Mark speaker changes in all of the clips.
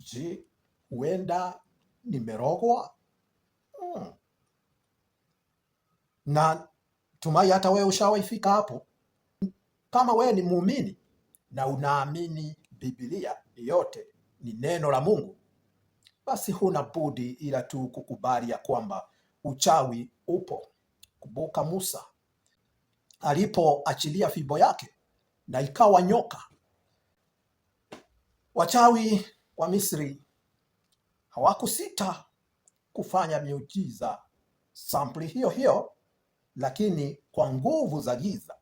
Speaker 1: Je, huenda nimerogwa? hmm. Na tumai hata wewe ushawaifika hapo. Kama wewe ni muumini na unaamini Biblia yote ni neno la Mungu, basi huna budi ila tu kukubali ya kwamba uchawi upo. Kumbuka Musa alipoachilia fimbo yake na ikawa nyoka. Wachawi wa Misri hawakusita kufanya miujiza sampuli hiyo hiyo, lakini kwa nguvu za giza.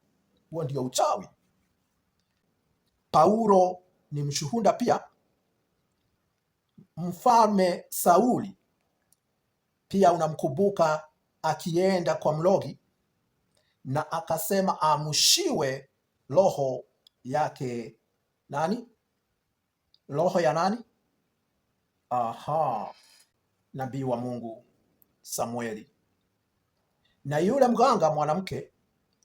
Speaker 1: Huo ndio uchawi. Paulo ni mshuhuda pia. Mfalme Sauli pia unamkumbuka akienda kwa mlogi na akasema amushiwe roho yake nani, roho ya nani Aha, nabii wa Mungu Samueli na yule mganga mwanamke,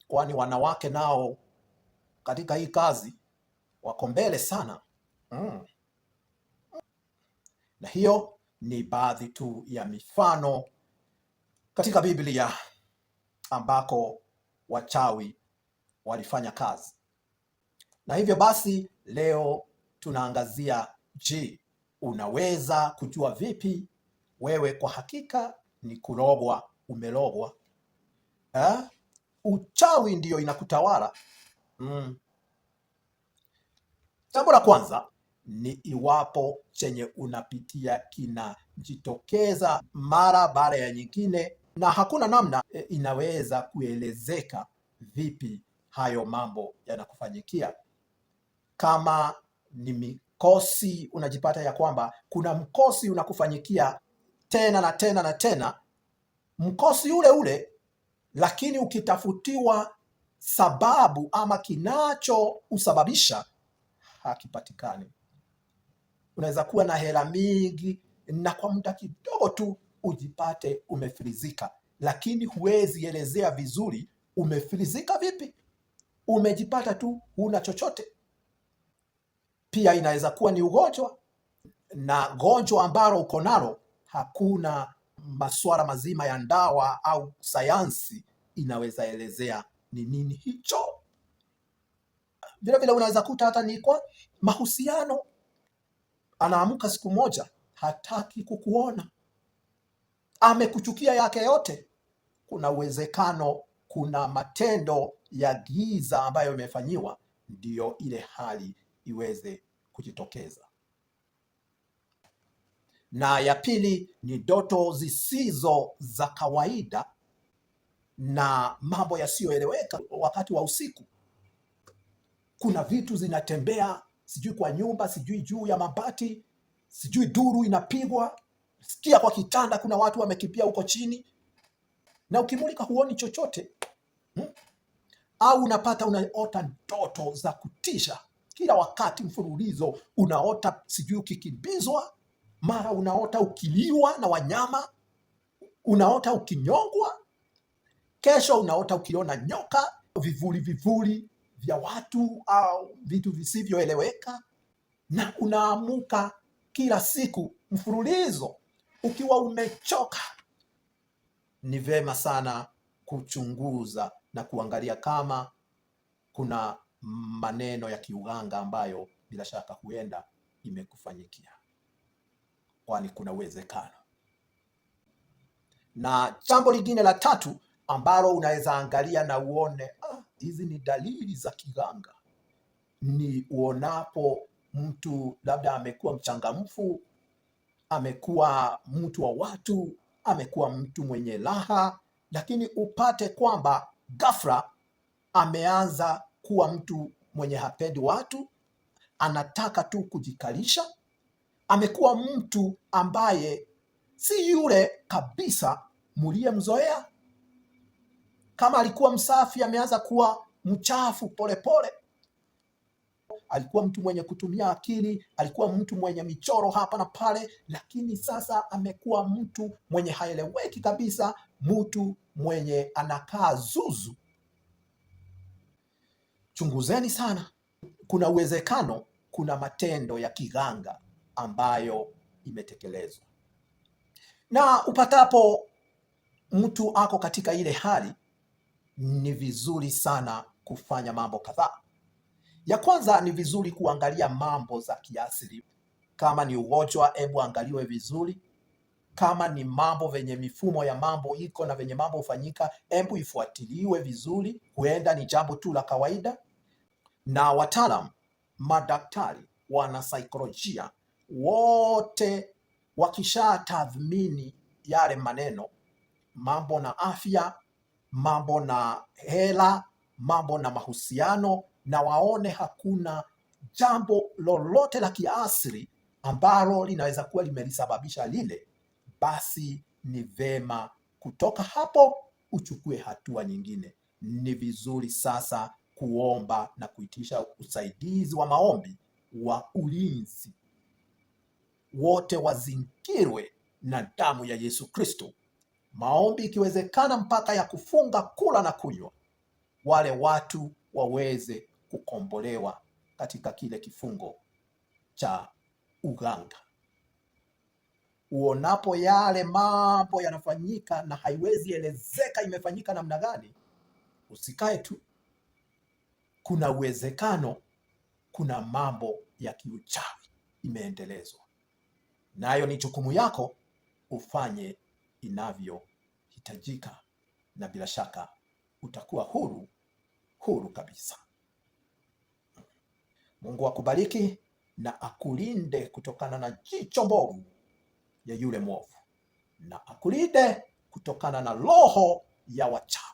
Speaker 1: kwani wanawake nao katika hii kazi wako mbele sana mm. Na hiyo ni baadhi tu ya mifano katika Biblia ambako wachawi walifanya kazi. Na hivyo basi leo tunaangazia je, Unaweza kujua vipi wewe kwa hakika ni kurogwa umelogwa ha? Uchawi ndiyo inakutawala mm. Jambo la kwanza ni iwapo chenye unapitia kinajitokeza mara baada ya nyingine, na hakuna namna e, inaweza kuelezeka vipi hayo mambo yanakufanyikia. Kama ni mkosi unajipata ya kwamba kuna mkosi unakufanyikia tena na tena na tena, mkosi ule ule, lakini ukitafutiwa sababu ama kinachousababisha hakipatikani. Unaweza kuwa na hela mingi na kwa muda kidogo tu ujipate umefirizika, lakini huwezi elezea vizuri umefirizika vipi. Umejipata tu huna chochote. Pia inaweza kuwa ni ugonjwa, na gonjwa ambalo uko nalo hakuna masuala mazima ya ndawa au sayansi inaweza elezea ni nini hicho. Vile vile unaweza kuta hata ni kwa mahusiano, anaamka siku moja hataki kukuona, amekuchukia yake yote. Kuna uwezekano kuna matendo ya giza ambayo imefanyiwa, ndiyo ile hali iweze kujitokeza. Na ya pili ni ndoto zisizo za kawaida na mambo yasiyoeleweka wakati wa usiku. Kuna vitu zinatembea, sijui kwa nyumba, sijui juu ya mabati, sijui duru inapigwa, sikia kwa kitanda, kuna watu wamekimbia huko chini, na ukimulika huoni chochote hmm? Au unapata unaota ndoto za kutisha kila wakati mfululizo unaota, sijui ukikimbizwa, mara unaota ukiliwa na wanyama, unaota ukinyongwa, kesho unaota ukiona nyoka, vivuli vivuli vya watu au vitu visivyoeleweka, na unaamuka kila siku mfululizo ukiwa umechoka. Ni vema sana kuchunguza na kuangalia kama kuna maneno ya kiuganga ambayo bila shaka huenda imekufanyikia, kwani kuna uwezekano. Na jambo lingine la tatu ambalo unaweza angalia na uone ah, hizi ah, ni dalili za kiganga, ni uonapo mtu labda amekuwa mchangamfu, amekuwa mtu wa watu, amekuwa mtu mwenye raha, lakini upate kwamba ghafla ameanza kuwa mtu mwenye hapendi watu, anataka tu kujikalisha. Amekuwa mtu ambaye si yule kabisa muliyemzoea. Kama alikuwa msafi, ameanza kuwa mchafu polepole pole. Alikuwa mtu mwenye kutumia akili, alikuwa mtu mwenye michoro hapa na pale, lakini sasa amekuwa mtu mwenye haeleweki kabisa, mtu mwenye anakaa zuzu chunguzeni sana. Kuna uwezekano kuna matendo ya kiganga ambayo imetekelezwa, na upatapo mtu ako katika ile hali, ni vizuri sana kufanya mambo kadhaa. Ya kwanza ni vizuri kuangalia mambo za kiasili. Kama ni ugonjwa, hebu angaliwe vizuri kama ni mambo venye mifumo ya mambo iko na venye mambo hufanyika, embu ifuatiliwe vizuri. Huenda ni jambo tu la kawaida, na wataalam, madaktari, wanasaikolojia wote tathmini yale maneno, mambo na afya, mambo na hela, mambo na mahusiano, na waone hakuna jambo lolote la kiasri ambalo linaweza kuwa limelisababisha lile basi ni vema kutoka hapo uchukue hatua nyingine. Ni vizuri sasa kuomba na kuitisha usaidizi wa maombi wa ulinzi. Wote wazingirwe na damu ya Yesu Kristo, maombi ikiwezekana mpaka ya kufunga kula na kunywa, wale watu waweze kukombolewa katika kile kifungo cha uganga uonapo yale mambo yanafanyika na haiwezi elezeka imefanyika namna gani, usikae tu. Kuna uwezekano, kuna mambo ya kiuchawi imeendelezwa, nayo ni jukumu yako ufanye inavyohitajika, na bila shaka utakuwa huru, huru kabisa. Mungu akubariki na akulinde kutokana na jicho mbovu ya yule mwovu na akulinde kutokana na roho ya wachawi.